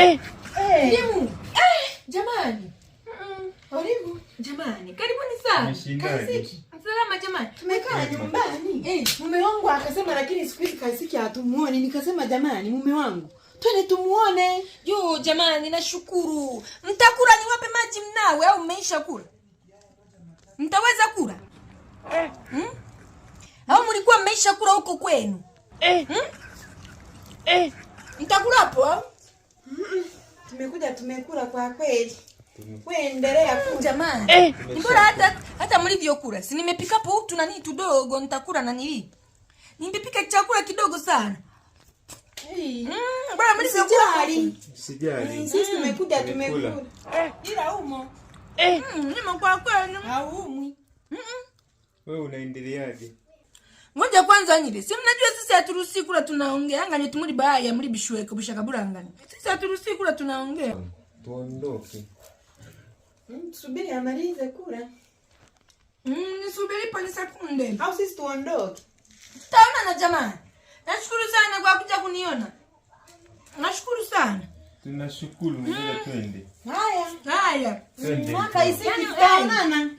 eh, eh. Eh, jamani karibu jamani, karibuni sana jamani, tumekaa nyumbani eh, mume wangu akasema, lakini siku hizi Kasiki hatumuone. Nikasema jamani, mume wangu twende tumuone. Juu jamani, nashukuru. Mtakula niwape maji mnawe au mmeisha kula? Mtaweza kula eh? hmm? au mlikuwa mmeisha kula huko kwenu eh? hmm? eh? mtakula hapo Tumekuja tumekula kwa kweli. Wewe endelea kuja jamani. Eh, mbona hata hata mlivyokula? Si nimepika hapo tuna tudogo nitakula na Nimepika chakula kidogo sana. Mm, bwana mlivyokula. Mm, mm. tumekula. Eh. ila umo. Mm, kwa kweli. Haumwi. Wewe unaendeleaje? Ngoja kwanza nyile. Si mnajua sisi haturuhusi kula tunaongea. Anga nyetu muri baya muri bishweka bishaka burangana. Sisi haturuhusi kula tunaongea. Tuondoke. Msubiri mm, amalize kula. Mm, nisubiri pani sekunde. Au sisi tuondoke. Tutaona na jamaa. Nashukuru sana kwa kuja kuniona. Nashukuru sana. Tunashukuru, mm. Twende. Haya. Haya. Mwaka isiki yaani tena. tutaonana.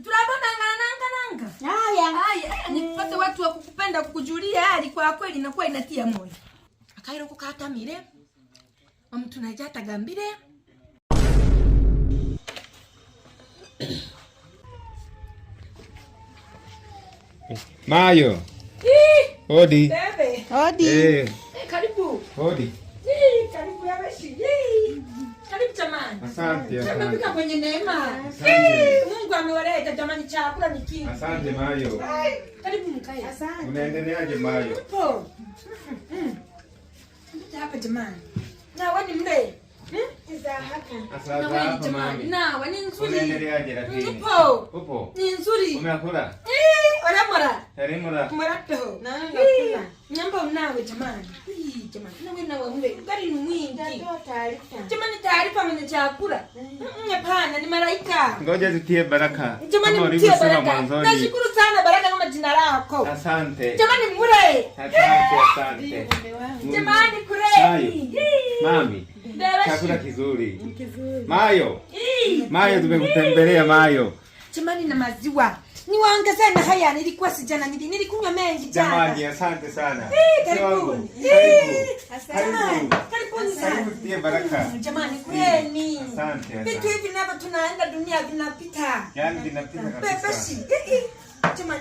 watu wa kukupenda kukujulia hali kwa kweli na inakuwa inatia moyo akairo kukatamile mtu naja atagambire mayo Odi. Odi. Hey. Eh. Eh, karibu. Odi. Asante, asante. Tumefika kwenye neema. Mungu amewaleta jamani, chakula ni kingi. Asante Mayo. Karibu mkae. Asante. Unaendeleaje Mayo? Upo. Mm-hmm. Hapa jamani. Na wewe ni mbe. Hmm? Asante. Na wewe ni nzuri. Unaendeleaje lakini? Upo. Upo. Ni nzuri. Umekula? Eh. Marato. Naona nyamba unawe jamani. Jamani, nawe na wewe gari ni mwingi. Ndio taarifa. Jamani, taarifa mwenye chakula. Eh. Hapana, ni malaika. Ngoja zitie baraka. Jamani, mtie baraka. Nashukuru sana baraka kama jina lako. Asante. Jamani, mure. Asante, asante. Jamani, kureni. Mami. Chakula kizuri. Mayo. Mayo tumekutembelea Mayo. Jamani na maziwa niwaongezee na haya, nilikuwa sijana, nili nilikunywa mengi jana. Jamani, asante sana. Karibuni. Karibuni sana. Mm, jamani, kweni. Asante. Vitu hivi navyo tunaenda dunia vinapita. Yaani vinapita kabisa. Jamani